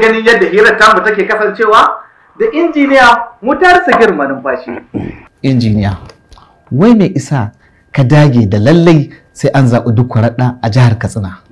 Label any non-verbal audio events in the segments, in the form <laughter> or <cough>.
iya ganin yadda hirar tamu take kasancewa da injiniya mutarsa girma numfashi. Injiniya, wai mai isa ka dage da lallai sai an zaɓi duk kwaraɗa a jihar Katsina.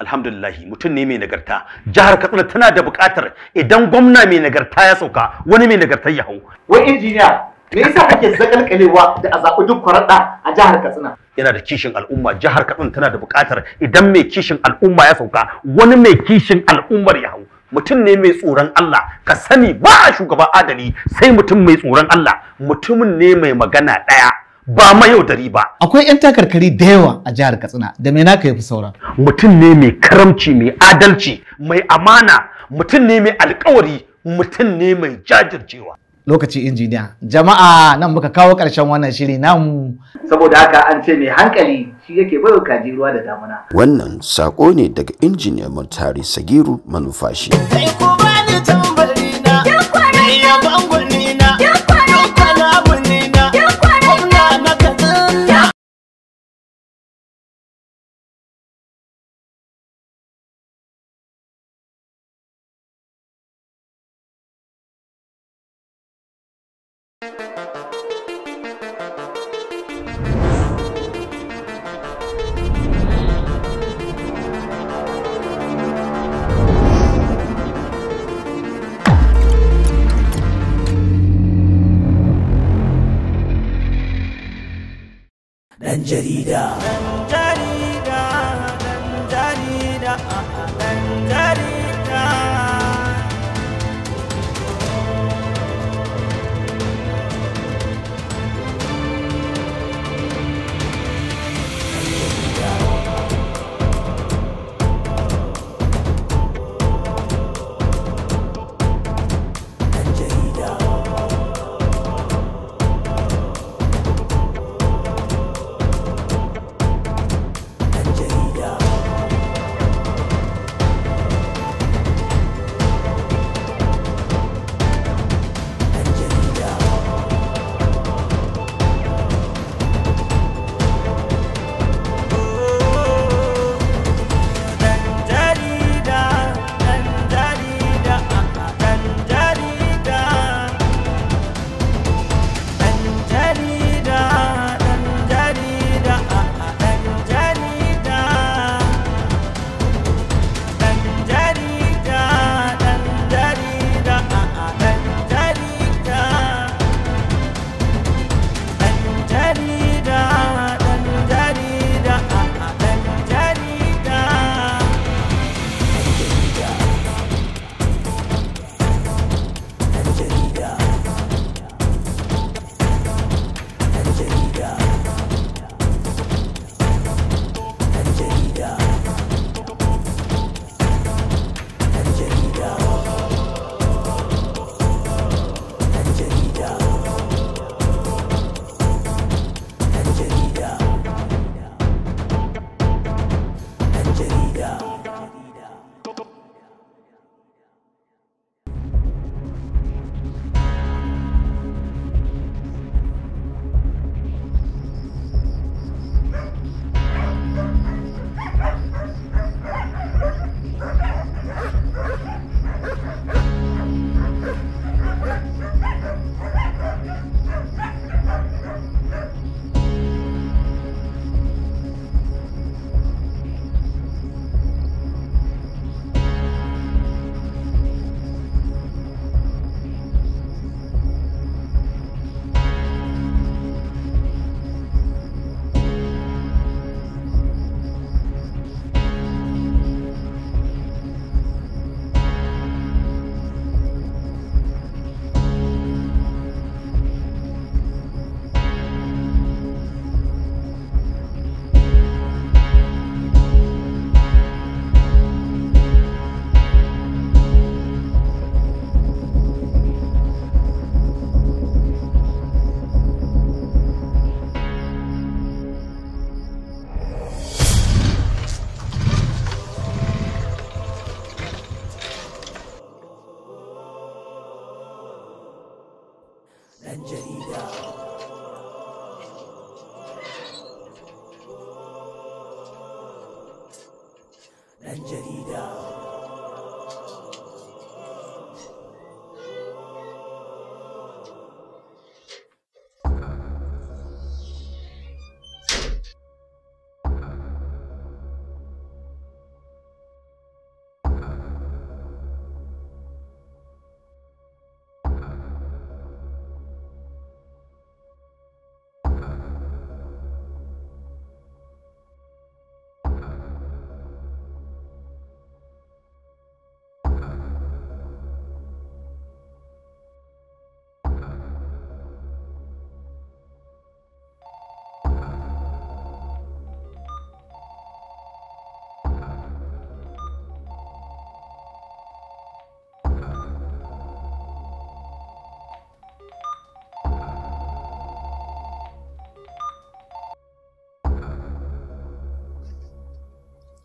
Alhamdulillahi mutum ne mai nagarta. Jihar Katsina tana da buƙatar idan gwamna mai nagarta ya sauka wani mai nagarta ya hau. Wai injiniya, me yasa kake zakalkalewa da a zaɓi duk kwaraɗa a jihar Katsina? yana da kishin al'umma jihar Katsina tana da buƙatar idan mai kishin al'umma ya sauka wani mai kishin al'ummar ya hau mutum ne mai tsoron Allah ka sani ba a shugaba adali sai mutum mai tsoron Allah mutumin ne mai magana ɗaya ba ma yau dari ba akwai 'yan takarkari da yawa a jihar katsina da me naka yafi sauran mutum ne mai karamci mai adalci mai amana mutum ne mai alkawari mutum ne mai jajircewa lokaci injiniya jama'a nan muka kawo ƙarshen wannan shiri namu saboda haka an ce mai hankali shi yake bai kaji ruwa da damuna wannan sako ne daga injiniya murtari sagiru manufashi kai ko ni tambari na ya جديدة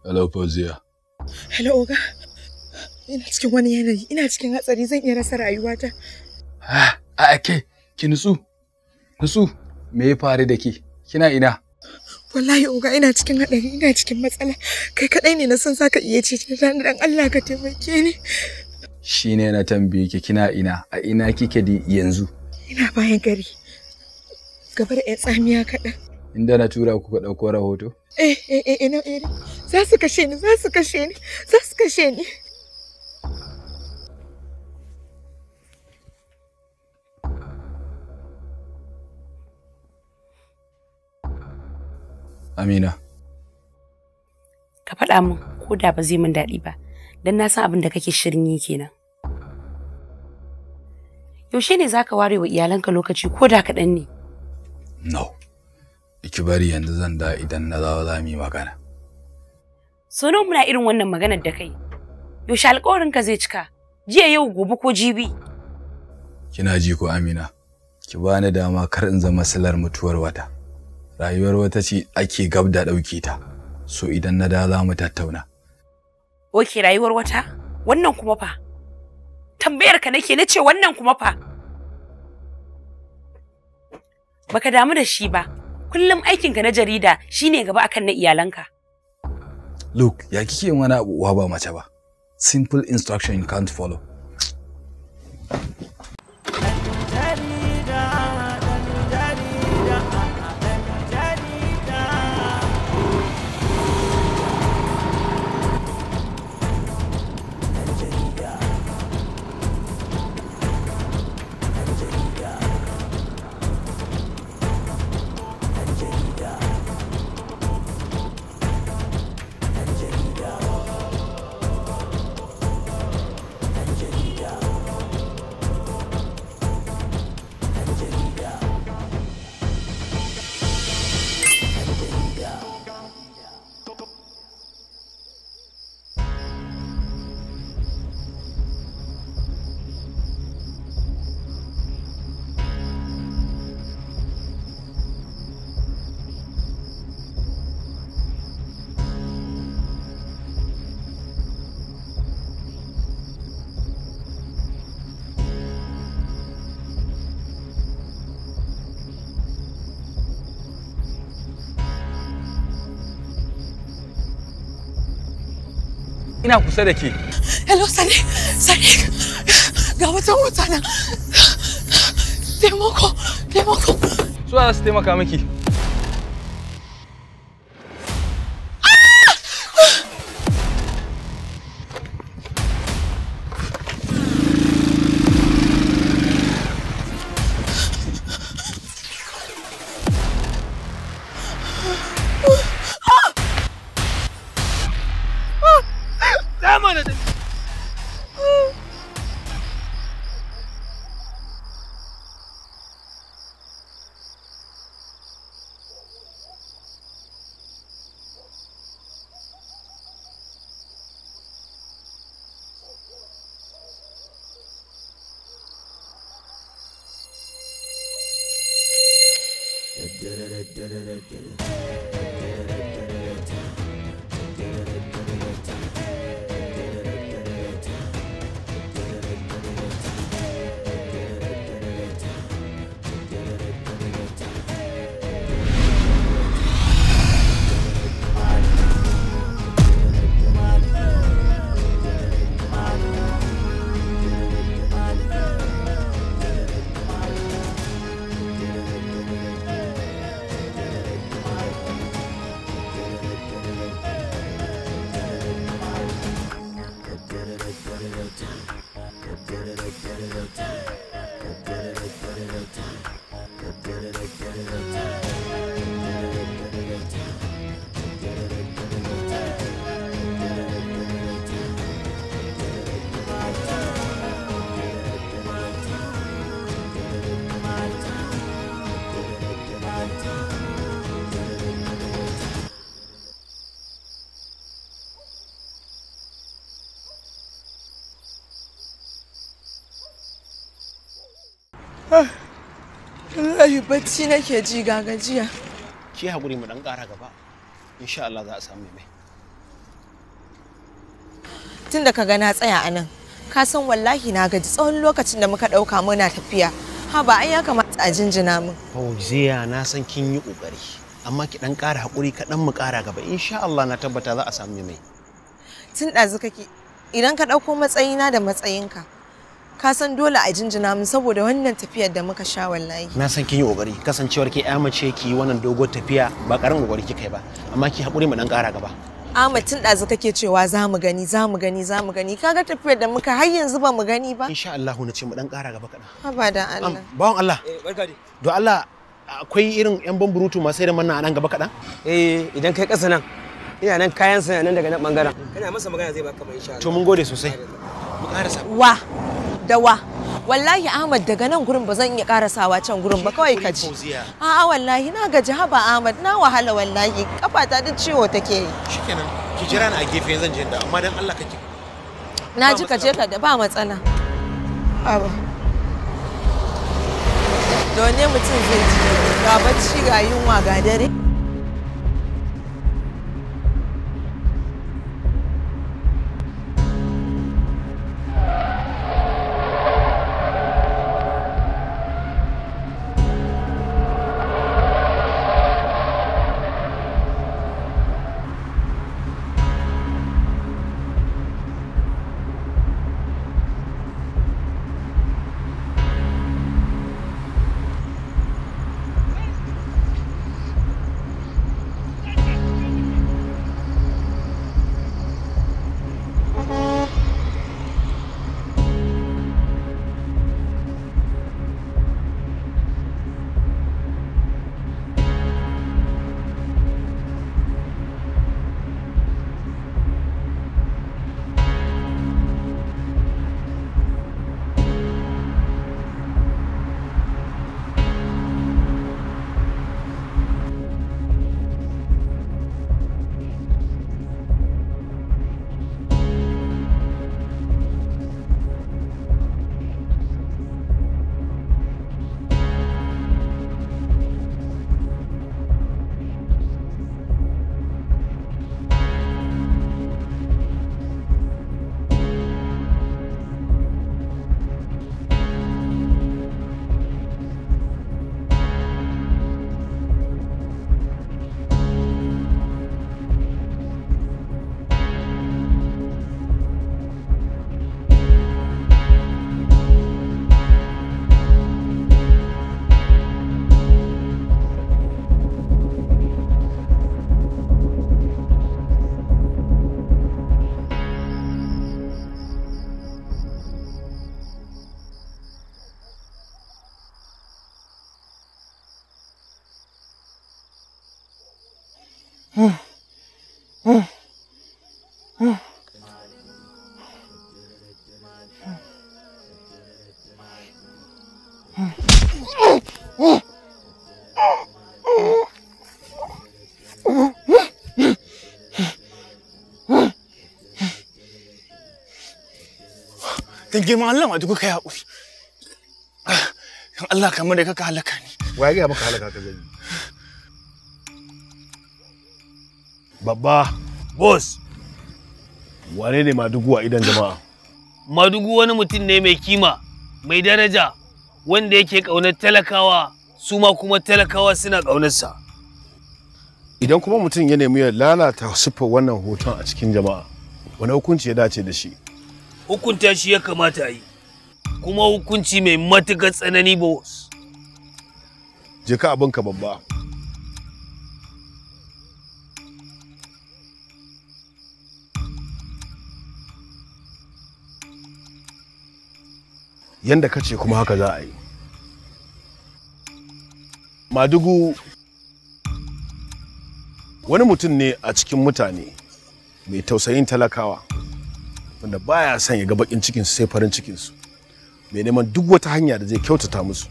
Hello, Fauziya. Hello, Oga. Ina cikin wani yanayi, ina cikin hatsari zan iya rasa rayuwata. Ah, a ah, ke, ki nutsu. Nutsu, me ya faru da ke? Kina ina? Wallahi Oga ina cikin haɗari, ina cikin matsala. Kai kaɗai ne na san za ka iya cece ta dan Allah ka taimake ni. Shi ne na tambaye ki kina ina, a ina kike di yanzu? Ina bayan gari. Gabar ƴan tsamiya kaɗan. Inda na tura ku ka ɗauko rahoto? Eh, eh, eh, eh, eh, za su kashe ni za su kashe ni za su kashe ni Amina. Ka faɗa min ko da ba zai min daɗi ba, don na san abin da kake shirin yi kenan. Yaushe ne za ka ware wa iyalanka lokaci ko da kaɗan ne? No, ki bari yanzu zan da idan na zawo za mu yi magana. So nawa muna irin wannan maganar da kai? Yaushe ka zai cika? Jiya yau gobe ko jibi? Kina ji ko Amina? Ki bani dama kar in zama salar mutuwar wata. Rayuwar wata ce ake gab da ɗauke ta. So idan na da za mu tattauna. Oke rayuwar wata? Wannan kuma fa? Tambayar ka nake na wannan kuma fa? Baka damu da shi ba. Kullum aikinka na jarida shine gaba akan na iyalanka. Look, ya kike yin wani abu uwa ba mace ba. Simple instruction you can't follow. ina kusa da ke hello Sani, Sani, ga wata wuta na taimako taimako su za su taimaka miki Kayu bacci nake ji ga gajiya. Ki haƙuri mu dan ƙara gaba. Insha Allah za a samu mai. Tun da ka ga na tsaya a nan, ka san wallahi na gaji tsawon lokacin da muka ɗauka muna tafiya. Ha ba ai ya kamata a jinjina min. Fauziya na san kin yi ƙoƙari. Amma ki dan ƙara haƙuri kaɗan mu ƙara gaba. Insha Allah na tabbata za a samu mai. Tun ɗazu kake idan ka ɗauko matsayina da matsayinka ka san dole a jinjina min saboda wannan tafiyar da muka sha wallahi na san kin yi kokari kasancewar ki ya mace ki wannan dogon tafiya ba karamin kokari kai ba amma ki hakuri mu dan kara gaba Amma tun ɗazu kake cewa za mu gani za mu gani za mu gani kaga tafiyar da muka har yanzu ba mu gani ba insha Allah na ce mu dan kara gaba kaɗan haba da Allah bawon Allah eh barka dai don Allah akwai irin yan bamburutu masu irin manna a nan gaba kaɗan eh idan kai ƙasa nan ina nan kayan sa nan daga nan bangaren kana masa magana zai baka mai insha Allah to mun gode sosai wa da wa wallahi Ahmad daga nan gurin ba zan iya karasawa can gurin ba kawai ka ji a'a wallahi na gaji haba Ahmad na wahala wallahi kafata duk ciwo take yi shikenan ki jira ni a gefe zan je da amma dan Allah ji na ji ka je ka da ba matsala Don ne mutum zai ji ga bacci ga yunwa ga dare dan girman Allah ma duka kai haƙuri dan Allah kamar da kaka halaka ni waye ga maka halaka ka gani babba boss wane ne madugu a idan jama'a madugu wani mutum ne mai kima mai daraja wanda yake ƙaunar talakawa su ma kuma talakawa suna ƙaunarsa idan kuma mutum ya nemi ya lalata siffar wannan hoton a cikin jama'a wani hukunci ya dace da shi hukunta shi ya kamata a yi kuma hukunci mai matuƙar tsanani wasu je ka abinka babba yanda ka ce kuma haka za a yi madugu wani mutum ne a cikin mutane mai tausayin talakawa wanda baya son ya ga bakin cikinsu sai farin cikin su mai neman duk wata hanya da zai kyautata musu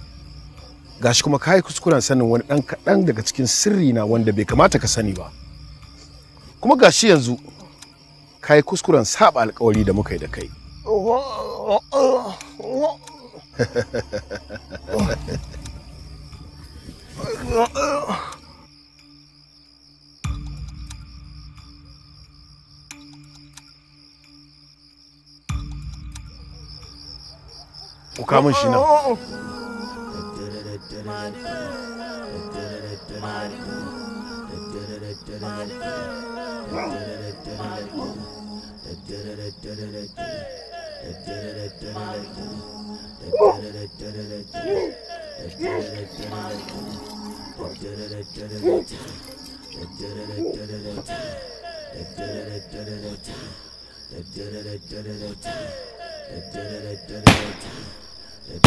gashi kuma kayi kuskuren sanin wani dan kaɗan daga cikin sirri na wanda bai kamata ka sani ba kuma gashi yanzu kayi kuskuren saba alkawari da muka yi da kai <laughs> ukamushina Oh.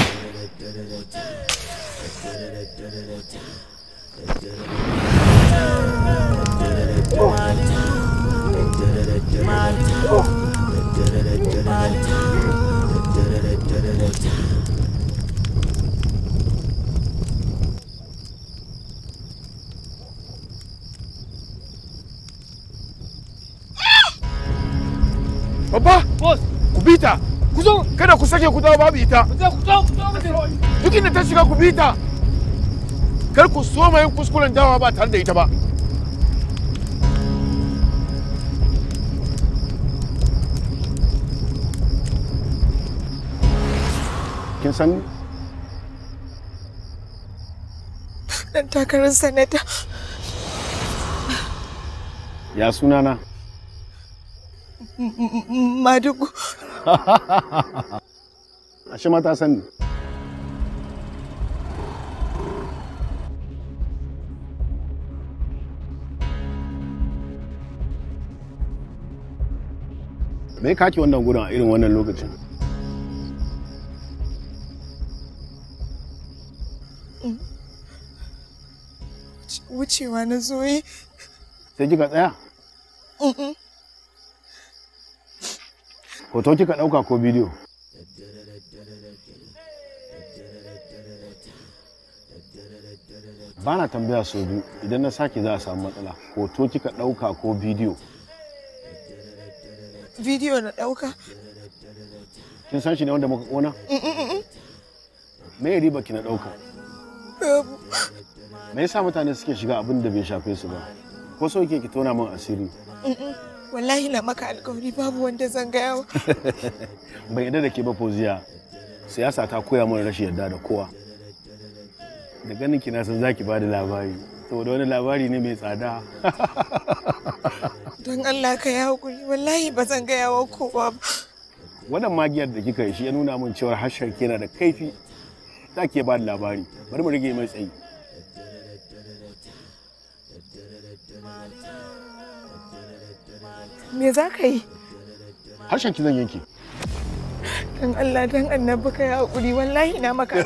kada ku sake ku dawo babu ita duk inda ta shiga ku bi ta kar ku so mai kuskuren dawa ba tare da ita ba kin san dan takarar sanata ya sunana madugu <laughs> Ashe ma ta sani. Me kake wannan gudun a irin wannan lokacin? Wucewa na zoye. Sai kika tsaya? Mm-hmm. hoto kika ɗauka ko bidiyo ba na tambaya sau biyu idan na sake za a samu matsala hoto kika ɗauka ko bidiyo bidiyo na ɗauka kin san shi ne wanda muka kona. Mm, mm, mm, me ya riba ki na ɗauka me sa mutane suke shiga abin da bai shafe su ba ko so ki tona min asiri wallahi na maka alkawari babu wanda zan gaya wa <laughs> bai yadda da ke ba poziya siyasa ta koya mana rashin yarda da kowa da ganin ki na san zaki ba da labari saboda wani labari ne mai tsada <laughs> don Allah ka ya hakuri wallahi ba zan gaya wa kowa ba wannan magiyar da kika yi shi ya nuna min cewar harshen kina da kaifi za ki ba da labari bari mu rage mai tsayi Me za ka yi? Harshen ki zan yanke. Dan Allah dan annabi ka yi haƙuri wallahi na maka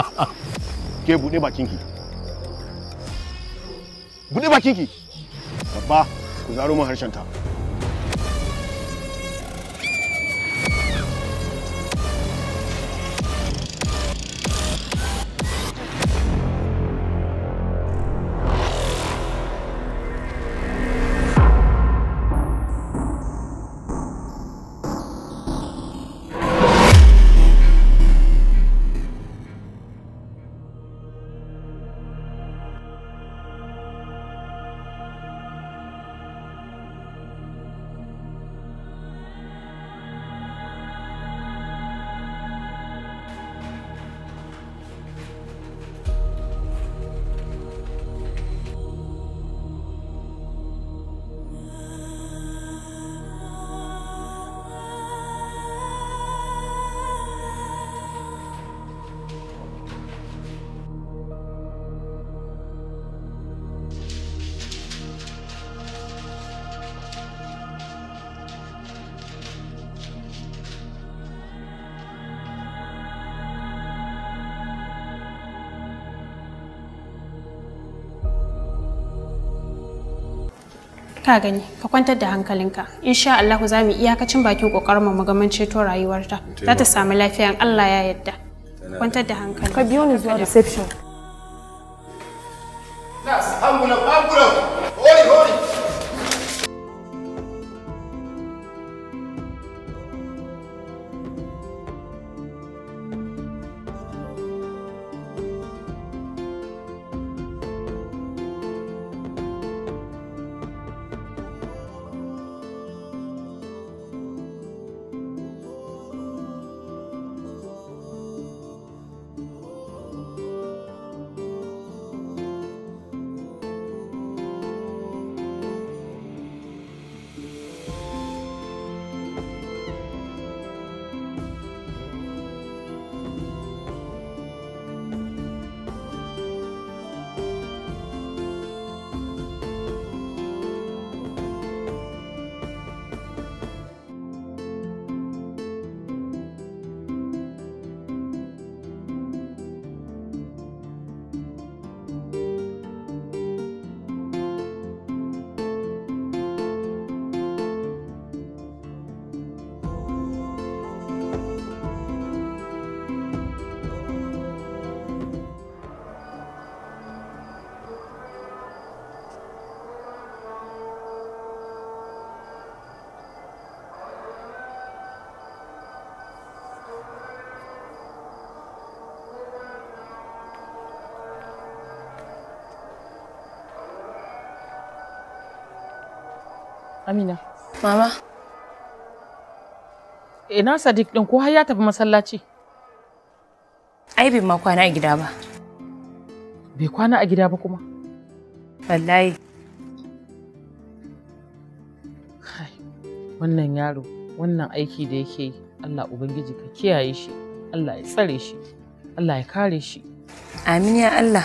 <laughs> Ke buɗe ki Buɗe ki. Babba ku zaro min harshen ta. ka gani ka kwantar da hankalinka insha allahu za mu iyakacin bakin kokarin mu gaman ceto rayuwarta za ta samu lafiya in Allah ya yarda kwantar da hankali ka biyo ni zuwa reception Amina. Mama. Ina eh, Sadiq ɗin ko har ya tafi masallaci? Ai bai ma kwana a gida ba. Bai kwana a gida ba kuma? Wallahi. Wannan yaro, wannan aiki da yake yi, Allah Ubangiji ka kiyaye shi, Allah ya tsare shi, Allah ya kare shi. Amin ya Allah.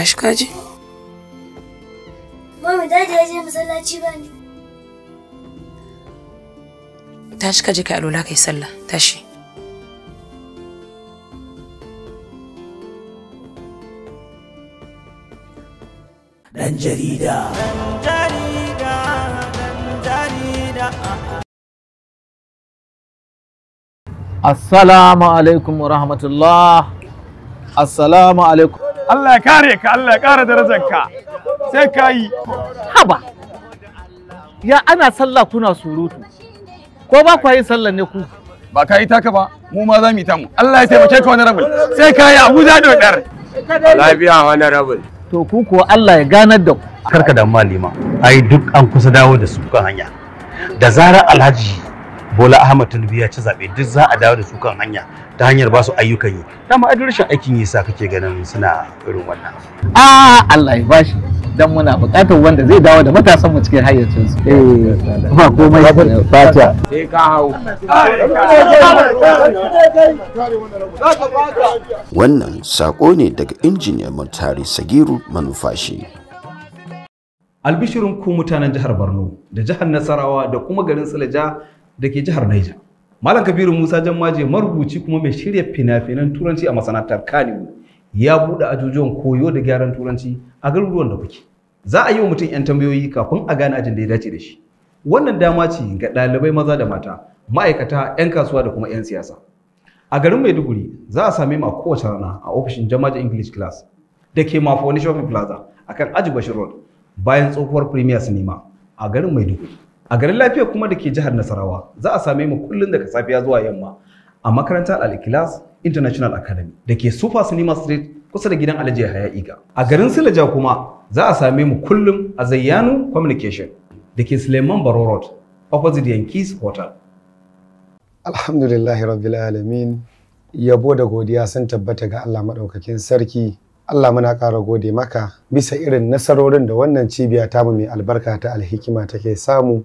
tashi kaji? Mami daji ya je masallaci ba ni. Tashi kaji ka alola kai sallah, tashi. Dan jarida. Dan dan jarida. Assalamu alaikum wa rahmatullah. Assalamu alaikum. Allah ya kare ka Allah ya kara darajarka sai ka yi haba ya ana sallah kuna surutu ko ba kwa yi sallah ne ku ba ka yi taka ba mu ma za mu yi tamu Allah ya taimake ka wani rabul sai ka yi Abuja da dar lafiya wani rabul to ku ko Allah ya ganar da ku karka da malima ai duk an kusa dawo da su kan hanya da zarar alhaji Bola Ahmad Tinubu ya ci zaɓe duk za a dawo da su kan hanya ta hanyar ba su ayyukan yi. Dama a rashin aikin yi sa kake ganin suna irin wannan. Ah Allah ya bashi dan muna buƙatar wanda zai dawo da matasan mu cikin hayyacin su. Eh ba komai fata. Sai ka hawo. Wannan sako ne daga injiniya Murtari Sagiru manufashi. albishirin ku mutanen jihar Borno da jihar Nasarawa da kuma garin Sulaja da ke jihar Niger. Malam Kabiru Musa Jammaje marubuci kuma mai shirya fina-finan Turanci a masana'antar Kano ya buɗe ajujuwan koyo da gyaran Turanci a garuruwan da kuke. Za a yi wa mutum 'yan tambayoyi kafin a gane ajin da ya dace da shi. Wannan dama ce ga ɗalibai maza da mata, ma'aikata, 'yan kasuwa da kuma 'yan siyasa. A garin Maiduguri za a same mu a kowace rana a ofishin Jammaje English Class da ke Mafoni Shopping Plaza akan Aji Bashir Road bayan tsohuwar Premier Cinema a garin Maiduguri. a garin lafiya kuma da ke jihar nasarawa za a same mu kullum daga safiya zuwa yamma a makarantar al international academy da ke super cinema street kusa da gidan alhaji haya iga a garin silaja kuma za a same mu kullum a zayyanu communication da ke suleiman baro road opposite yankees hotel alhamdulillahi rabbil alamin yabo da godiya sun tabbata ga allah maɗaukakin sarki Allah muna ƙara gode maka bisa irin nasarorin da wannan cibiya tamu mai albarka ta alhikima take samu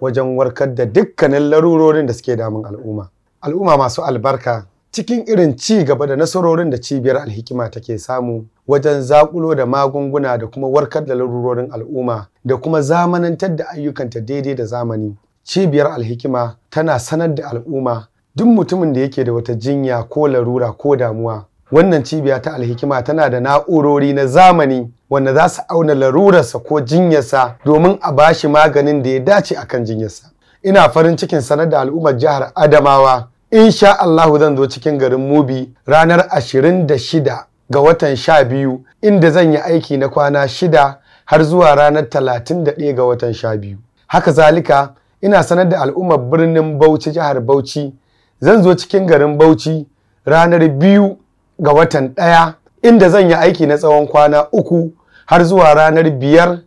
wajen warkar da dukkanin larurorin da suke damun al'umma. Al'umma masu albarka cikin irin ci gaba da nasarorin da cibiyar alhikima take samu wajen zaƙulo da magunguna da kuma warkar da larurorin al'umma da kuma zamanantar da ayyukanta daidai da zamani. Cibiyar alhikima tana sanar da al'umma duk mutumin da yake da wata jinya ko larura ko damuwa. Wannan cibiya ta alhikima tana da na'urori na zamani wanda za su auna larurarsa ko jinyarsa domin a bashi maganin da ya dace akan jinyarsa ina farin cikin sanar da al'ummar jihar adamawa insha Allah zan zo cikin garin mubi ranar 26 ga watan 12 inda zan yi aiki na kwana shida har zuwa ranar 31 ga watan 12 haka zalika ina sanar da al'ummar birnin bauchi jihar bauchi zan zo cikin garin bauchi ranar biyu ga watan ɗaya inda zan yi aiki na tsawon kwana uku har zuwa ranar biyar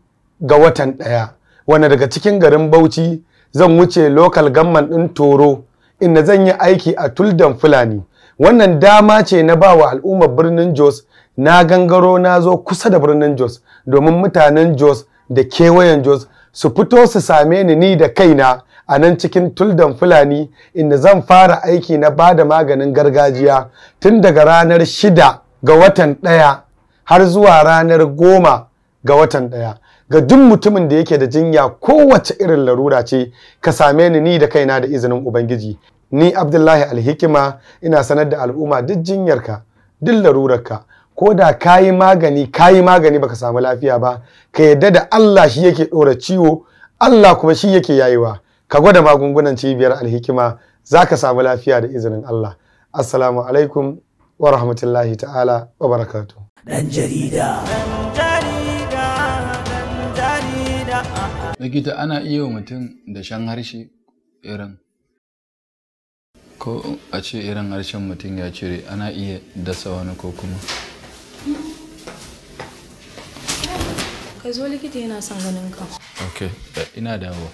ga watan ɗaya wanda daga cikin garin bauchi zan wuce lokal gamman ɗin toro inda zan yi aiki a tuldan fulani wannan dama ce na ba wa al'ummar birnin jos na gangaro na zo kusa da birnin jos domin mutanen jos da kewayen jos su fito su same ni ni da kaina a nan cikin tuldan fulani inda zan fara aiki na ba da maganin gargajiya tun daga ranar shida ga watan ɗaya har zuwa ranar goma ga watan ɗaya ga duk mutumin da yake da jinya kowace irin larura ce ka same ni ni da kaina da izinin ubangiji ni abdullahi alhikima ina sanar da al'umma duk jinyarka duk larurarka ko da ka yi magani ka yi magani baka samu lafiya ba ka yadda da allah shi yake ɗora ciwo allah kuma shi yake yayewa ka gwada magungunan cibiyar alhikima za ka samu lafiya da izinin allah assalamu alaikum wa rahmatullahi ta'ala wa barakatuh ɗan jarida. Ah. Likita ana iya wa mutum da shan harshe irin. Ko a ce irin harshen mutum ya cire ana iya dasa wani ko kuma. Ka zo likita yana son ganin ka. Ok, eh, ina dawo.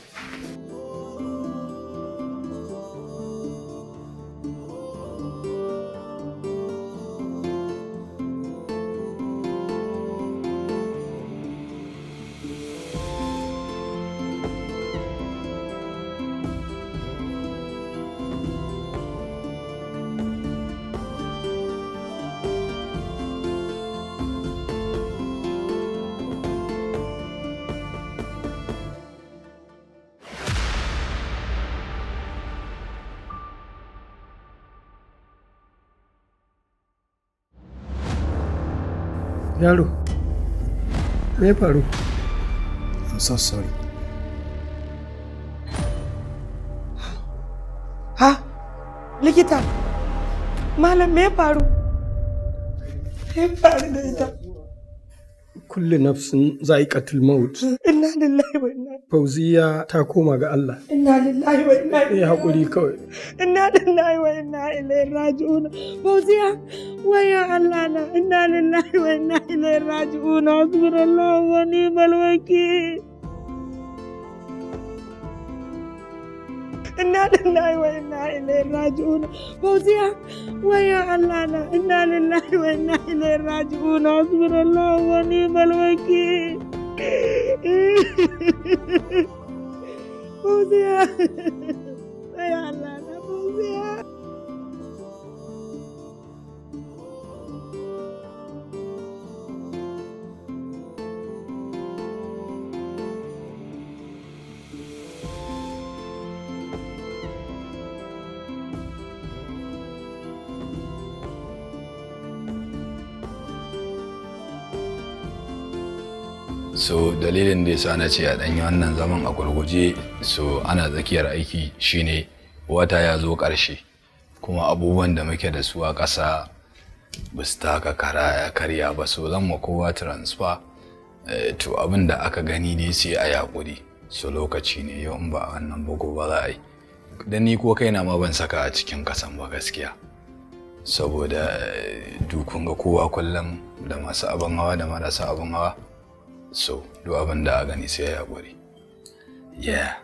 me ya faru i'm so sorry ha likita malam me ya faru me ya faru da ita kullu nafsin za'iqatul maut inna lillahi wa inna fauziya ta koma ga Allah inna lillahi wa inna ilaihi hakuri kawai inna lillahi wa inna ilaihi raji'un fauziya waya Allah na inna lillahi wa inna ilaihi raji'un azbirallahu wa ni'mal wakeel inna lillahi wa inna ilaihi raji'un Wa ya Allah na inna lillahi wa inna ilaihi raji'un wa ni'mal wakil fauziya waya Allah na so dalilin da yasa na ce a ɗanyi wannan zaman a gurguje so ana tsakiyar aiki shine wata ya zo ƙarshe kuma abubuwan da muke da su a ƙasa ba su taka kara ya karya ba so zan ma kowa transfer eh, to abin da aka gani ne sai a yaƙuri so lokaci ne yau in ba a wannan ba ba za a yi dan ni ko kaina ma ban saka a cikin kasan ba gaskiya saboda eh, dukun ga kowa kullum da masu abin hawa da marasa abin hawa so duk abin da gani sai ya haƙuri yeah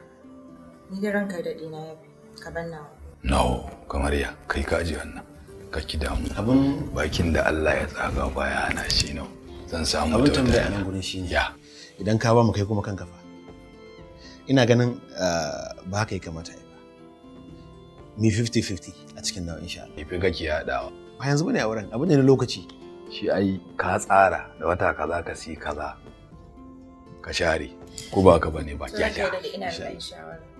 ni da ranka da dina ya ka ban nawa no kamar ya kai ka ji wannan ka ki damu abin bakin da Allah ya tsaga baya na shi no zan samu abin tambaya nan gurin shi ne ya idan ka ba mu kai kuma kanka fa ina ganin ah, ba haka ya kamata ba mi 50-50 a cikin nawa insha Allah. ga ki haɗawa. Ba yanzu bane a wurin abin ne na lokaci. Shi ai ka tsara da wata kaza ka si kaza ka share ko ba ka bane ba kyakya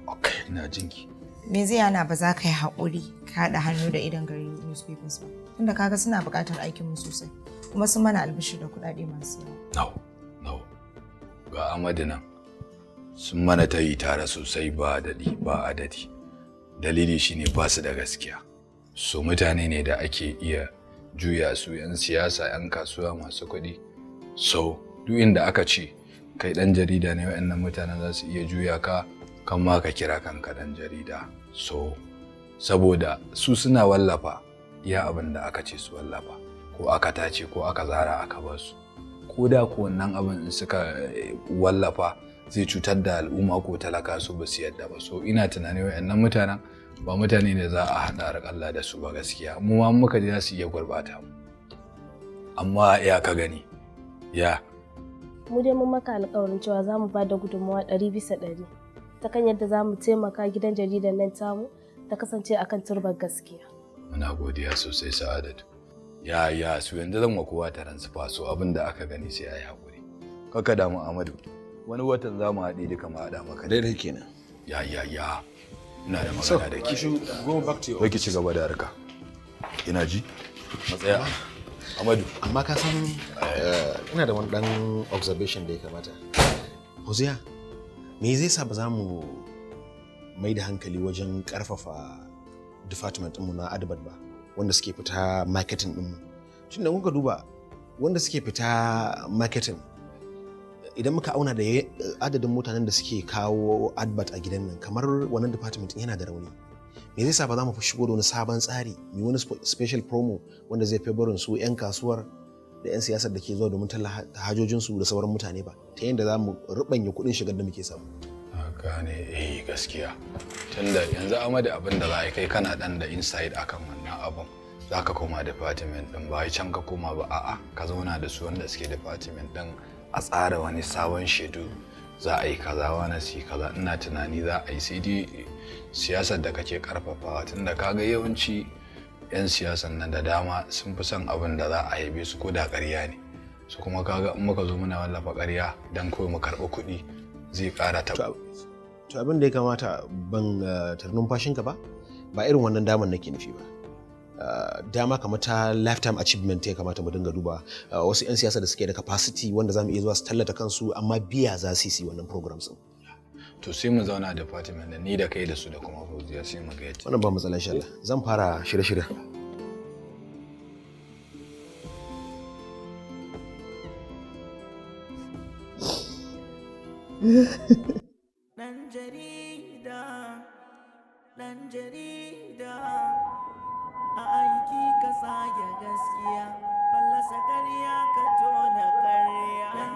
okay ina jinki me zai yana ba za ka yi hakuri ka haɗa hannu da idan gari newspapers ba tunda kaga suna buƙatar aikin mu sosai kuma sun mana albishi da kuɗaɗe masu yawa no no ga amadu nan sun mana ta yi tare sosai ba daɗi ba adadi dalili shine ba su da gaskiya su mutane ne da ake iya juya su 'yan siyasa 'yan kasuwa masu kuɗi so duk inda aka ce kai dan jarida ne wa'annan mutanen za su iya juya ka kan ma ka kira kanka dan jarida so saboda su suna wallafa ya abin da aka ce su wallafa ko aka tace ko aka zara aka ba su ko da ko wannan abin in suka eh, wallafa zai cutar da al'umma ko talaka su ba su yadda ba so ina tunanin wa'annan mutanen ba mutane ne za a haɗa Allah da su ba gaskiya mu ma muka ji za su iya gurbata mu amma ya ka gani ya mu dai mun maka alƙawarin cewa za mu ba da gudunmawa ɗari bisa ɗari ta kan yadda za mu taimaka gidan jaridar nan tamu ta kasance a kan turbar gaskiya. Muna godiya sosai sa'adatu. Ya ya su yanzu zan wa kowa taransifa so abin da aka gani sai a yi haƙuri. Kaka damu Amadu wani watan za mu haɗe duka ma haɗa maka. Daidai kenan. Ya ya ya ina da magana da ke. So, go back to your. Wai ki ci gaba da harka. Ina ji? Matsaya. Amadu. Amma ka san eh, ina da wani ɗan observation da ya kamata. Hosea, me zai sa ba za mu mai da hankali wajen karfafa department ɗinmu na adabat ba wanda suke fita marketing ɗinmu. Tun da kuka duba wanda suke fita marketing idan muka auna da adadin mutanen da suke kawo advert a gidan nan kamar wannan department yana da rauni. me zai sa ba za mu shigo da wani sabon tsari mu wani special promo wanda zai fi barin su 'yan kasuwar da 'yan siyasar da ke zuwa domin talla hajojinsu da sauran mutane ba ta yadda za mu rubanya kuɗin shigar da muke samu gane eh gaskiya tunda yanzu amadu abin da za a kai kana dan da inside akan wannan abin za koma department din ba can ka koma ba a'a ka zauna da su wanda suke department din a tsara wani sabon shedu za a yi kaza wani si kaza ina tunani za a yi sai dai Siyasa da kake karfafawa tunda kaga yawanci 'yan siyasan nan da dama sun fi son abin da za a yabe su ko da ƙarya ne su kuma kaga in muka zo muna wallafa ƙarya don kawai mu karɓi kuɗi zai ƙara ta to abin da ya kamata ban eh, tarnumfashin ka ba ba irin wannan damar nake nufi ba eh, dama kamar ta lifetime achievement ya kamata mu dinga duba eh, wasu 'yan siyasa da suke da capacity wanda za mu iya zuwa su tallata kansu amma biya za su yi wannan programs din to sai mu zauna da Fatima da ni da kai da su da kuma Fauziya sai mu ga wannan ba matsala insha Allah zan fara shirye-shirye ɗan jarida Dan jarida a aiki ka gaskiya fallasa ƙarya ka tona ƙarya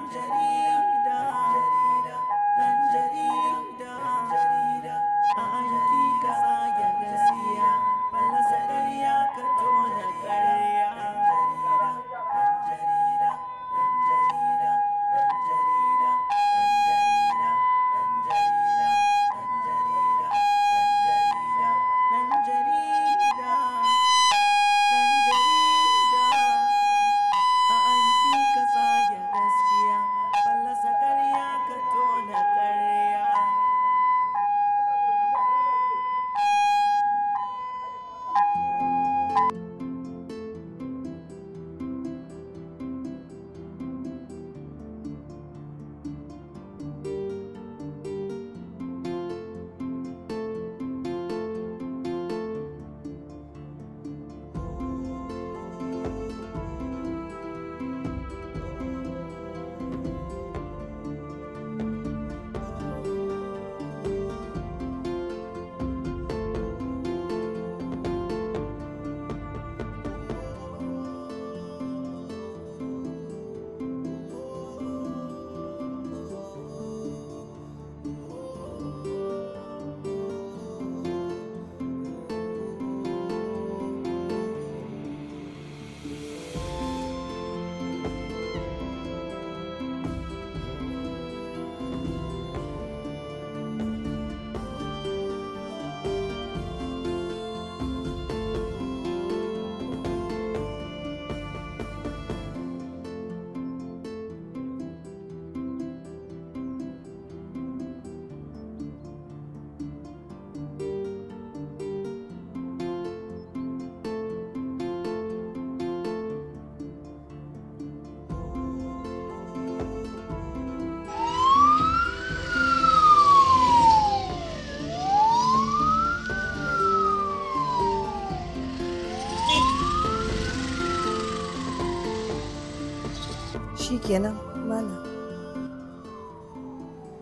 kenan mana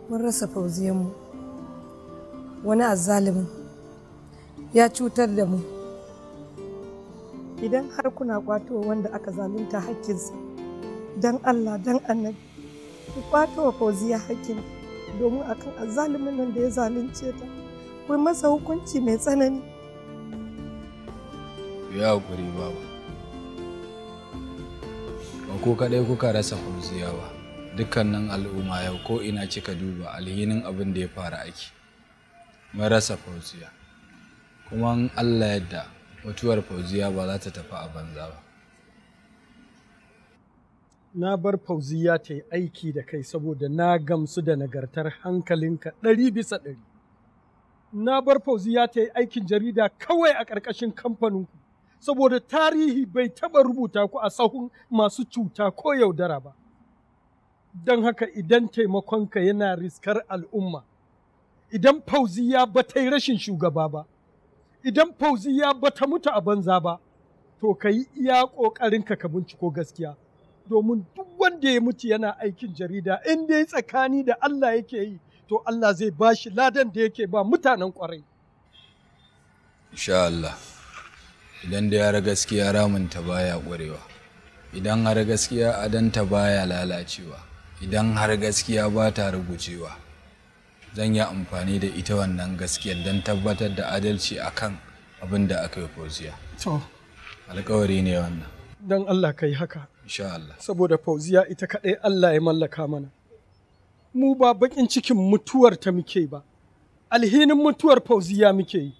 mun rasa mu wani azalimin ya cutar da mu idan har kuna kwato wanda aka zalunta hakkinsa don allah don annabi ku kwato wa fauziya hakkin domin akan azalimin nan da ya zalunce ta kuma masa hukunci mai tsanani ya haƙuri baba ba ko kadai kuka rasa fauziya ba dukkanin al'umma yau ko ina kika duba alhinin abin da ya fara aiki mun rasa fauziya kuma allah yadda mutuwar fauziya ba za ta tafi a banza ba na bar fauziya ta yi aiki da kai saboda na gamsu da nagartar hankalinka ɗari bisa ɗari. Na bar fauziya ta yi aikin jarida kawai a ƙarƙashin kamfaninku. saboda tarihi bai taɓa rubuta ku a sahun masu cuta ko yaudara ba. Don haka idan taimakonka yana riskar al'umma, idan fauzi ya ta yi rashin shugaba ba, idan fauzi ya bata mutu a banza ba, to ka yi iya ƙoƙarinka ka binciko gaskiya. Domin duk wanda ya mutu yana aikin jarida, in dai tsakani da Allah yake yi, to Allah zai ba shi ladan da yake ba mutanen ƙwarai. Insha Allah. idan da yara gaskiya ramunta baya ƙwarewa idan har gaskiya adanta baya lalacewa idan har gaskiya ba ta rugucewa zan yi amfani da ita wannan gaskiyar don tabbatar da adalci akan abin da aka yi fauziya to alkawari ne wannan don Allah ka yi haka insha Allah saboda fauziya ita kaɗai Allah ya mallaka mana mu ba bakin cikin mutuwar ta muke ba alhinin mutuwar fauziya muke yi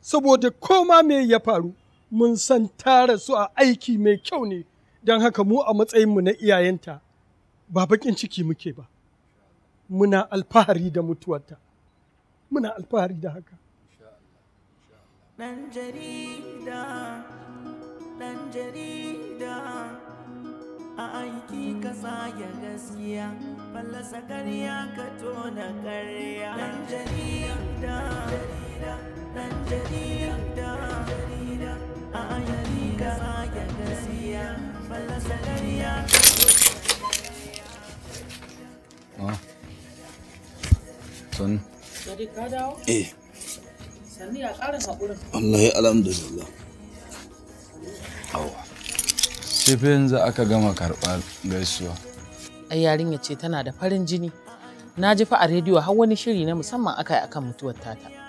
saboda koma me ya faru mun san tara su a aiki mai kyau ne don haka mu a matsayinmu na iyayenta ba bakin ciki muke ba muna alfahari da mutuwarta muna alfahari da haka ɗan jarida ɗan jarida a aiki ka tsaya gaskiya fallasa karya ka tona karya ɗan jarida ɗan jarida ɗan jarida Allah ya gaskiya fallasa ƙarya alhamdulillah. Awa. Sai fa yanzu aka gama karɓar gaisuwa. Ai yarinya ce tana da farin jini. Na ji fa a rediyo har wani shiri na musamman aka yi akan mutuwar tata.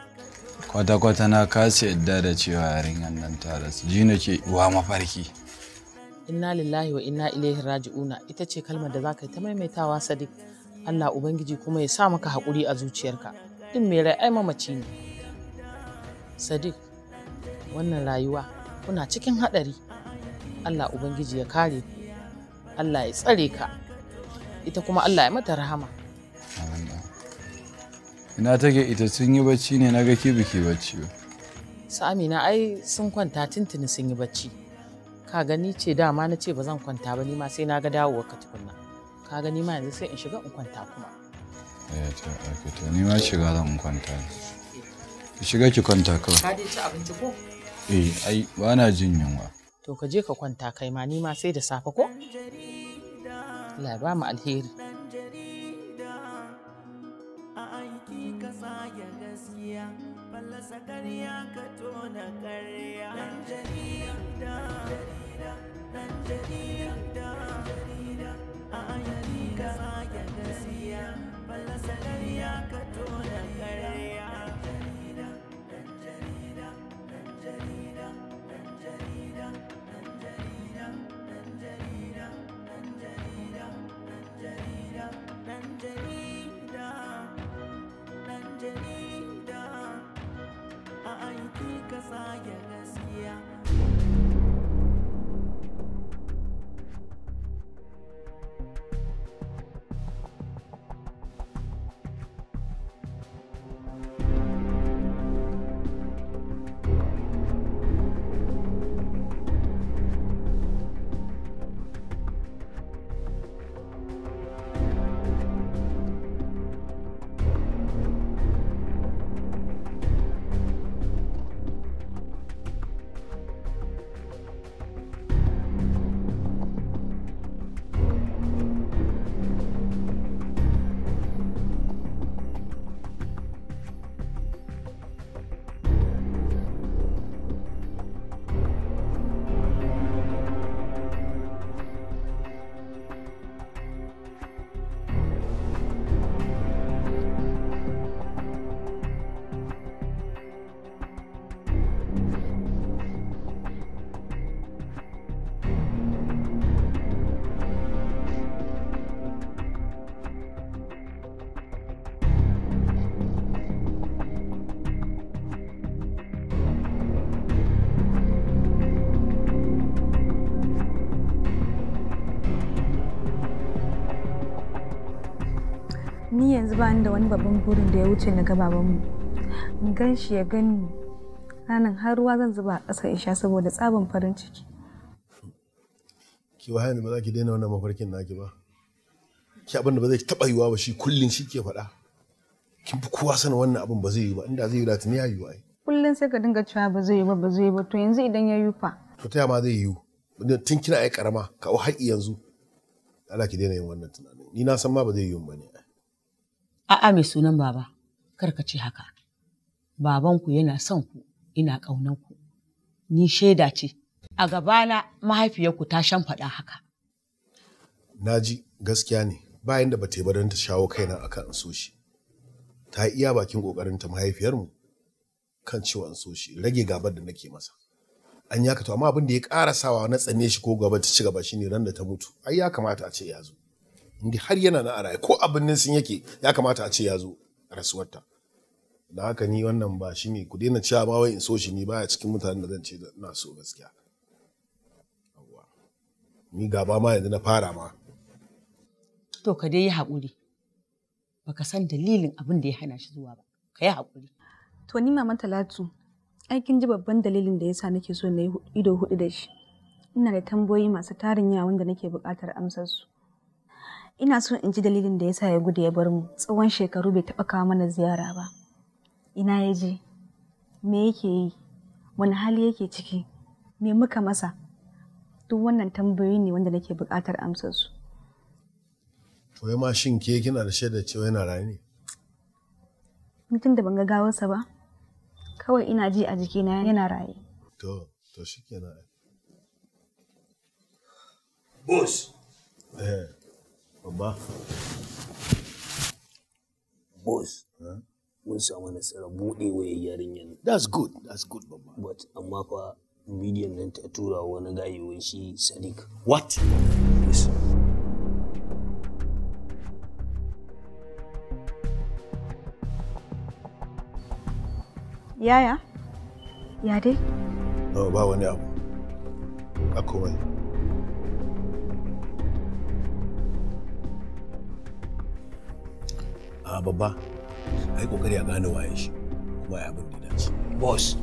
kwata-kwata na kasa yadda da cewa yarinyar nan ta rasu ji nake wa mafarki inna lillahi wa inna ilaihi raji'una ita ce kalmar da zaka yi ta maimaitawa sadiq Allah ubangiji kuma ya sa maka haƙuri a zuciyarka in mai rai ai mamaci ne sadiq wannan rayuwa kuna cikin haɗari Allah ubangiji ya kare Allah ya tsare ka ita kuma Allah ya mata rahama ina take ita sun yi bacci ne na ga ki biki bacci ba su amina ai sun kwanta tintini sun yi bacci ka gani ce dama na ce ba zan kwanta ba nima sai na ga dawowa ka tukunna ka gani ma yanzu sai in shiga in kwanta kuma eh to ake to ma shiga zan kwanta kwanta ki shiga ki kwanta kawai ka dai ci abinci ko eh ai ba na jin yunwa to ka je ka kwanta kai ma nima sai da safe ko Allah ba mu alheri tsage gaskiya fallasa ƙarya ka tona karya ɗan jarida ɗan jarida ni yanzu ba ni da wani babban burin da ya wuce na gaba mu in gan shi ya gani ranan har ruwa zan zuba a ƙasa in sha saboda tsabin farin ciki ki wahala ba za ki daina wannan mafarkin naki ba ki abin da ba zai taɓa yiwa ba shi kullum shi ke faɗa kin fi kowa sanin wannan abin ba zai yi ba inda zai yi da tuni ya yi wa kullum sai ka dinga cewa ba zai yi ba ba zai yi ba to yanzu idan ya yi fa to ta ma zai yi tun kina ai karama ka har yanzu Allah ki daina yin wannan tunanin ni na san ma ba zai yi ba ne A'a mai sunan baba, kar ka ce haka. Babanku yana son ku, ina ku, Ni shaida ce, a gabana mahaifiyarku ta shan faɗa haka. Na ji gaskiya ne, bayan da ba ta yi ta shawo kaina akan in so shi. Ta iya bakin ƙoƙarinta mahaifiyarmu kan cewa in rage gabar da nake masa. An ya kato, amma abin da ya ƙara sawa na tsane shi ko gaba ta ci gaba shine ran da ta mutu. Ai ya kamata a ce ya zo. inda har yana na a ko abin nan sun yake ya kamata a ce ya zo rasuwarta da haka ni wannan ba shi ne ku daina cewa ba wai in so shi ni baya cikin mutanen da zan ce na so gaskiya ni gaba ma yanzu na fara ma to ka dai yi haƙuri baka san dalilin abin da ya hana shi zuwa ba ka yi haƙuri to ni mama talatu ai kin ji babban dalilin da yasa nake so na yi ido hudu da shi ina da tambayoyi masu tarin yawa da nake buƙatar amsar su ina so in ji dalilin da yasa ya gudu ya bar mu tsawon shekaru bai taɓa kawo mana ziyara ba ina ya je me yake yi wani hali yake ciki me muka masa duk wannan tambayoyi ne wanda nake buƙatar amsar su to ma shin ke kina da shaidar cewa yana raye mutum da ban ga gawarsa ba kawai ina ji a jikina yana raye to to shikenan boss eh Babba. Boss. Mun samu nasarar buɗe wayar yarinyar. That's good, that's good babba. But amma fa bidiyon nan ta tura wani wa shi Sadiq. What? Yes. Yaya? Ya dai? Oh, ba wani abu. a komai. babba a yi kokari a gane waye shi kuma ya abin da dace boss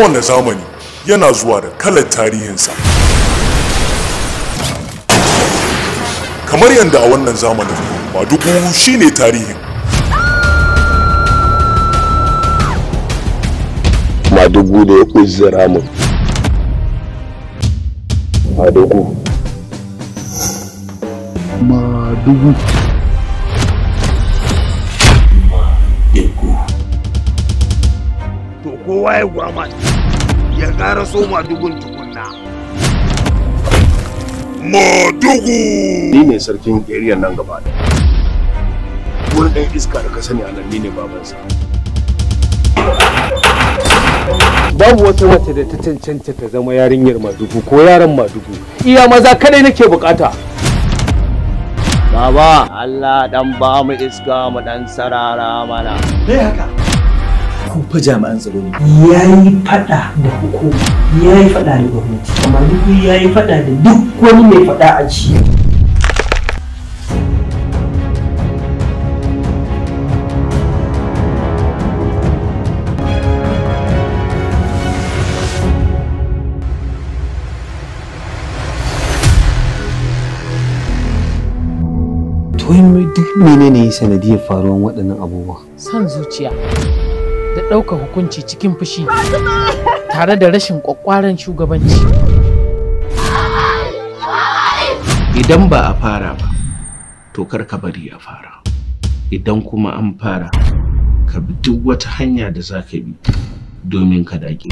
kowane zamani yana zuwa da kalar tarihinsa kamar yadda a wannan zamanin madugu shine tarihin madugu da ya kuzura mu madugu madugu madugu to kowa ya gwama ƙara so madugun tukunna madugu ni ne sarkin area nan gaba da wani iska da ka sani a nan ni ne babansa babu wata mace da ta cancanta ta zama yarinyar madugu ko yaran madugu iya maza kadai nake bukata baba Allah dan ba mu iska mu dan sarara mana dai haka fa jami'an tsaro ne ya yi fada da hukuma ya yi fada da gwamnati amma duk ya yi fada da duk wani mai fada a ci duk menene sanadiyar faruwar waɗannan abubuwa? San zuciya. da ɗaukar hukunci cikin fushi tare da rashin ƙwaƙwaran shugabanci. Idan ba a fara ba, to kar ka bari a fara. Idan kuma an fara, ka bi duk wata hanya da za ka bi domin ka dage.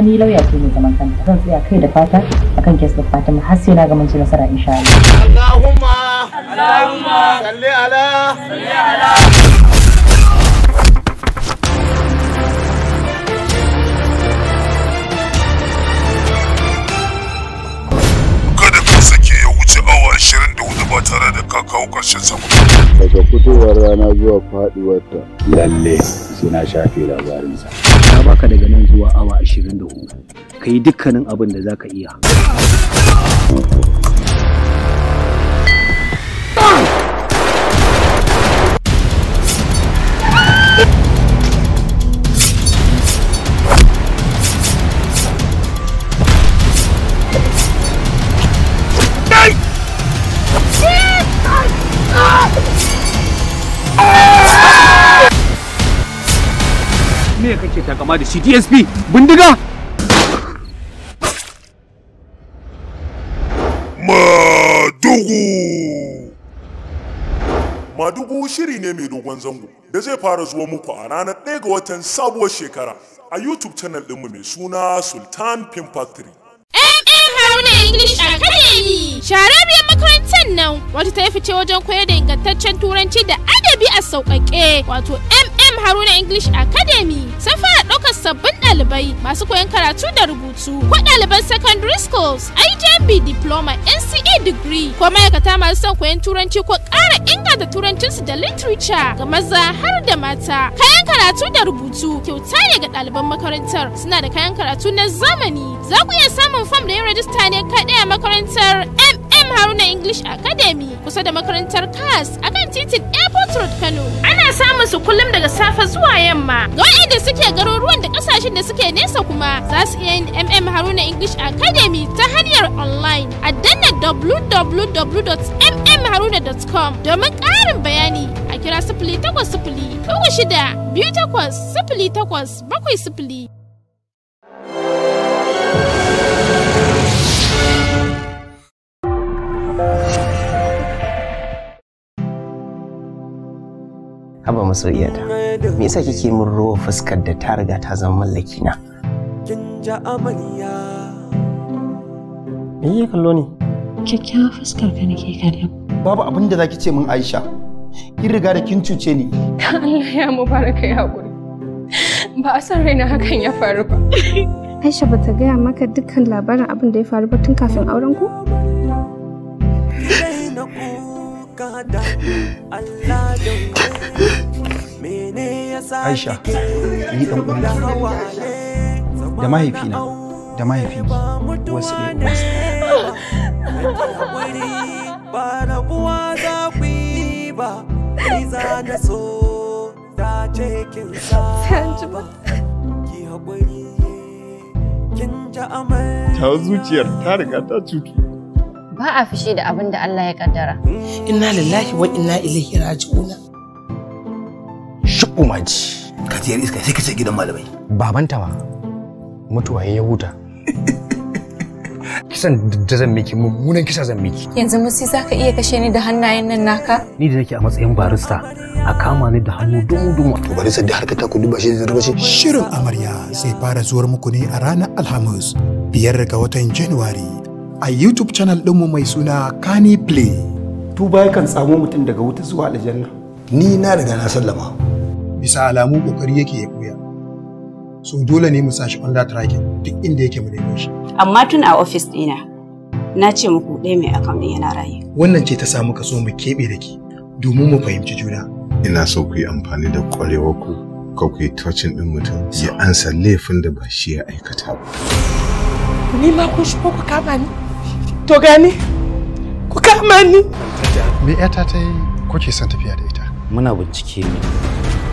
Ni lauya ce mai zaman kanta zan tsaya kai da fata akan kes Fatima har sai na ga mun ci nasara insha Allah. Allahumma Allahumma salli ala salli ala ba tare da ka kawo ƙarshen sama. Daga fitowar rana zuwa faɗuwarta. Lalle suna shafe labarinsa. Na baka daga nan zuwa awa ashirin da hudu. Ka yi dukkanin abin da za ka iya. kake takama da shi DSP bindiga Madugu Madugu shiri ne mai dogon zango da zai fara zuwa muku a ranar 1 ga watan sabuwar shekara a YouTube channel ɗinmu mai suna Sultan Pin Factory. Haruna English makarantar nan wata ta yi fice wajen koyar da ingantaccen turanci da adabi a sauƙaƙe wato M FM Haruna English Academy sun fara ɗaukar sabbin ɗalibai masu koyon karatu da rubutu ko ɗaliban secondary schools, IJMB diploma, NCA e degree ko ma'aikata masu son koyon turanci ko ƙara inganta turancinsu da literature ga maza har da mata. Kayan karatu da rubutu kyauta ne ga ɗaliban makarantar suna da kayan karatu na zamani. Za ku iya samun fam da yin rajista ne kaɗai a makarantar M Malam Haruna English Academy kusa da makarantar CAS a kan titin Airport Road Kano. Ana samun su kullum daga safe zuwa yamma. Ga waɗanda suke garuruwan da ƙasashen da suke nesa kuma za su iya yin MM Haruna English Academy ta hanyar online a danna www.mmharuna.com domin karin bayani a kira sifili takwas sifili uku shida biyu takwas sifili takwas bakwai sifili. haba masoyiyata me yasa kike min ruwa fuskar da ta riga ta zama mallaki na me yake kallo ne kyakkyawa fuskar ka nake kallon babu abin da zaki ce min Aisha kin riga da kin cuce ni Allah ya baraka ya hakuri ba a san raina hakan ya faru ba Aisha bata gaya maka dukkan labarin abin da ya faru ba tun kafin auren ku gada Allah da mene ya Aisha ni dan uwan da mahaifina da wasu ne wasu ba na buwa za ku yi ba ni na so ta ce ba ki haƙuri kin amai zuciyar ta riga ta ba a fushi da abin da Allah ya kaddara. Inna lillahi wa inna ilaihi raji'una. Shubbu maji. ji iska sai ka ce gidan malamai. Babanta ma mutuwa ya huta. Kisan da zan miki mummunan kisa zan miki. Yanzu musi za ka iya kashe ni da hannayen nan naka? Ni da nake a matsayin barista a kama ni da hannu dumu-dumu. To bari sai da harka ta ku duba shi da shi. Shirin amarya zai fara zuwar muku ne a ranar Alhamis biyar ga watan Januwari a YouTube channel ɗinmu mai suna Kani Play. Tuba yakan tsamo mutum daga wuta zuwa aljanna. Ni na riga na sallama. Bisa alamu kokari yake ya koya. So dole ne mu sashi under tracking duk inda yake mu nemo shi. Amma tun a office ɗina na ce muku ɗaya mai akan ɗin yana raye. Wannan ce ta samu kaso mu keɓe da ke domin mu fahimci juna. Ina so ku yi amfani da ƙwarewarku ko ku yi tocin ɗin mutum ya ansa laifin da ba shi ya aikata ba. Ni ma ko shi ko ku kama ni? to gani ku kama ni me yata ta yi kuke son tafiya da ita muna bincike ne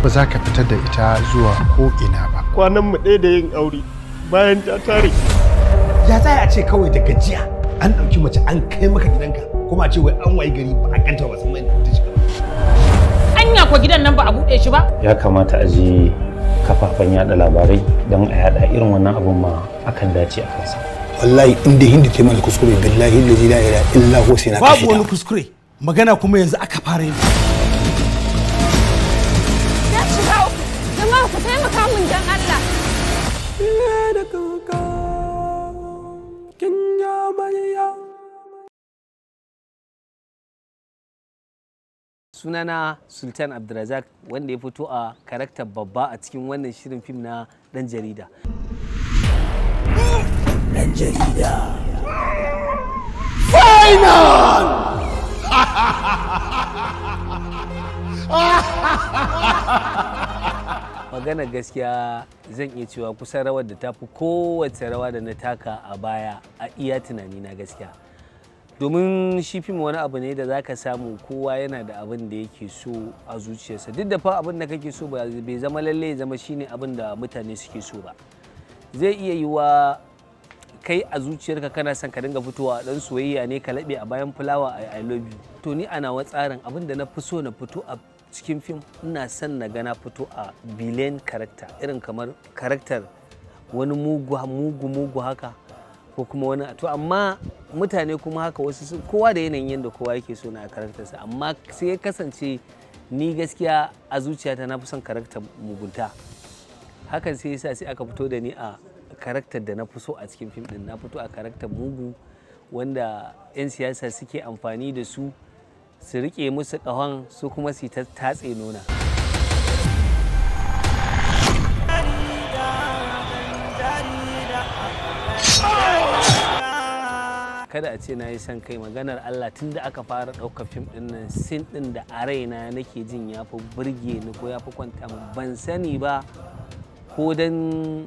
ba za ka fitar da ita zuwa ko ina ba kwanan mu ɗaya da yin aure bayan ta tare ya za a ce kawai da gajiya an ɗauki mace an kai maka gidanka kuma a ce wai an wayi gari ba a kanta ba sun mai ta shiga anya ko gidan nan ba a buɗe shi ba ya kamata a je kafafen yada labarai don a yada irin wannan abun ma akan dace a kansa wallahi inda hindi ta mana kuskure billahi lazi la ila illa huwa sai na kashi babu wani kuskure magana kuma yanzu aka fara yi ya shiga jama'a ku taimaka mun dan Allah da kaka kin ya mariya sunana sultan abdulrazak wanda ya fito a karakta babba a cikin wannan shirin fim na dan jarida ɗan Final! Magana gaskiya zan iya cewa kusan rawar da ta fi kowace rawa da na taka a baya a iya tunani na gaskiya. Domin shi fim wani abu ne da za ka samu kowa yana da abin da yake so a zuciyarsa duk da fa abin da kake so bai zama lallai zama shine abin da mutane suke so ba. zai iya yi wa kai a zuciyarka kana son ka dinga fitowa dan soyayya ne ka laɓe a bayan fulawa a I love you to ni ana wa tsarin abin da na fi so na fito a cikin fim ina son na gana fito a billion character irin kamar karaktar wani mugu mugu mugu haka ko kuma wani to amma mutane kuma haka wasu kowa da yanayin yadda kowa yake so na sa amma sai ya kasance ni gaskiya a zuciyata na fi son karaktar mugunta hakan sai yasa sai aka fito da ni a karakta da na fi so a cikin fim din na fito a karakta mugu wanda 'yan siyasa suke amfani da su su rike musu kahon su kuma su ta tatse nuna kada a ce na yi son kai maganar Allah tun da aka fara ɗaukar fim ɗin nan sin ɗin da a raina nake jin ya fi burge ni ko ya fi kwanta ban sani ba ko dan.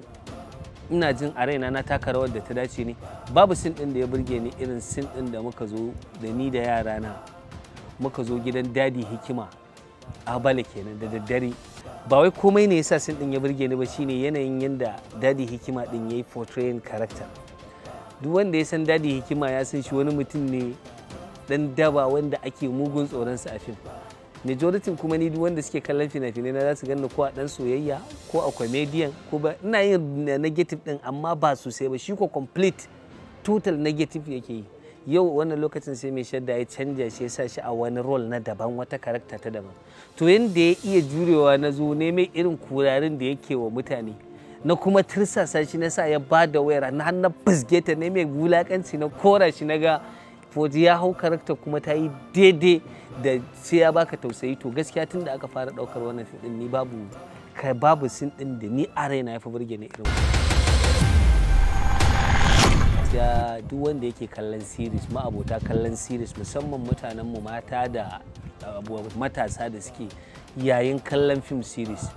ina jin a raina na taka rawar da ta dace ne babu sin ɗin da ya burge ni irin sin ɗin da muka zo da ni da yara na muka zo gidan dadi hikima bala kenan da daddare ba wai komai ne yasa sin ɗin ya burge ni ba shine yanayin yanda dadi hikima ɗin yayi yi portraying character duk wanda ya san dadi hikima ya san shi wani mutum ne dan daba wanda ake mugun tsoronsa a fim majority kuma ni duk wanda suke kallon fina-finai na za su ganni ko a dan soyayya ko a comedian ko ba ina yin negative din amma ba sosai ba shi ko complete total negative yake yi yau wannan lokacin sai mai shadda ya canja shi ya sa shi a wani role na daban wata karakta ta daban to yanda ya iya jurewa na zo ne irin kurarin da yake wa mutane na kuma tirsasa shi na sa ya ba da wayar na har na ta ne mai wulakanci na kora shi na ga ya hau karakta kuma ta yi daidai da sai ya baka tausayi to gaskiya tun da aka fara daukar wannan fim din ni babu kai babu sin din da ni a raina ya fi burge ni irin ya duk wanda yake kallon series ma'abota kallon series musamman mutanen mu mata da matasa da suke yayin kallon film series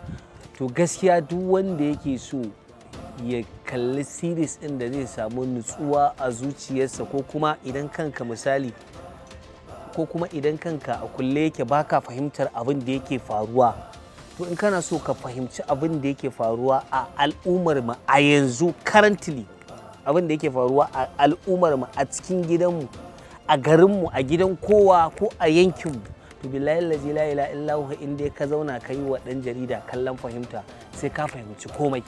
to gaskiya duk wanda yake so ya kalli series din da zai samu nutsuwa a zuciyarsa ko kuma idan kanka misali ko kuma idan kanka a kulle yake baka fahimtar abin da yake faruwa to in kana so ka fahimci abin da yake faruwa a al'ummar mu a yanzu currently abin da yake faruwa a al'ummar mu a cikin gidanmu a garinmu a gidan kowa ko a yankinmu to billahi lazi la ila illahu in dai ka zauna ka yi wa dan jarida kallon fahimta sai ka fahimci komai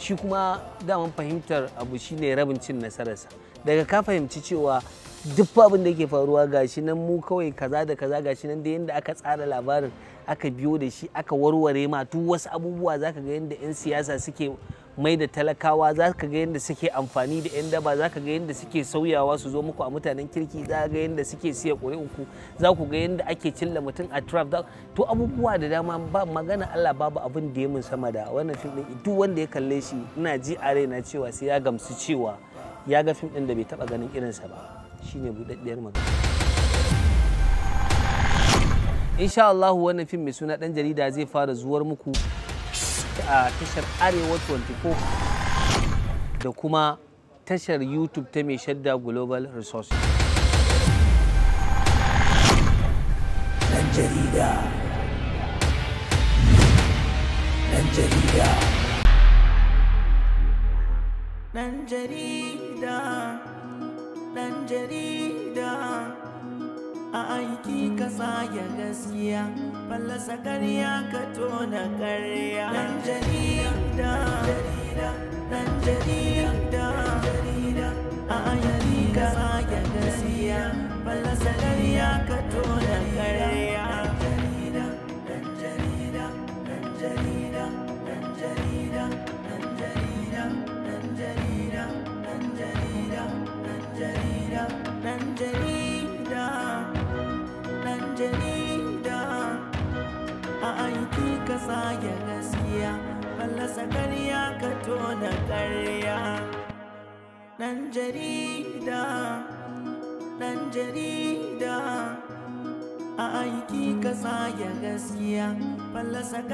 shi kuma daman fahimtar abu shine rabin cin nasararsa daga ka fahimci cewa duk abin da yake faruwa gashi nan mu kawai kaza da kaza gashi nan da yadda aka tsara labarin aka biyo da shi aka warware ma duk wasu abubuwa ka ga yadda 'yan siyasa suke mai da talakawa za ka ga yadda suke amfani da 'yan daba za ka ga yadda suke sauyawa su zo muku a mutanen kirki za ga yadda suke siya ƙuri'unku za ku ga yadda ake cilla mutum a trap to abubuwa da dama ba magana Allah babu abin da ya mun sama da wannan fim din duk wanda ya kalle shi ina ji a raina cewa sai ya gamsu cewa ya ga fim din da bai taba ganin irinsa ba shine buɗaɗɗiyar magana insha Allah wannan fim mai suna ɗan jarida zai fara zuwar muku a tashar arewa 24 da kuma tashar youtube ta mai shadda global resources dan jarida jarida jarida ɗan jarida a aiki ka tsaya gaskiya fallasa karya ka tona karya ɗan jarida ɗan jarida a aiki ka tsaya gaskiya fallasa karya ka tona karya jarida a aiki ka tsage gaskiya fallasa karya ka tona karya ɗan jarida ɗan jarida a aiki ka tsage gaskiya fallasa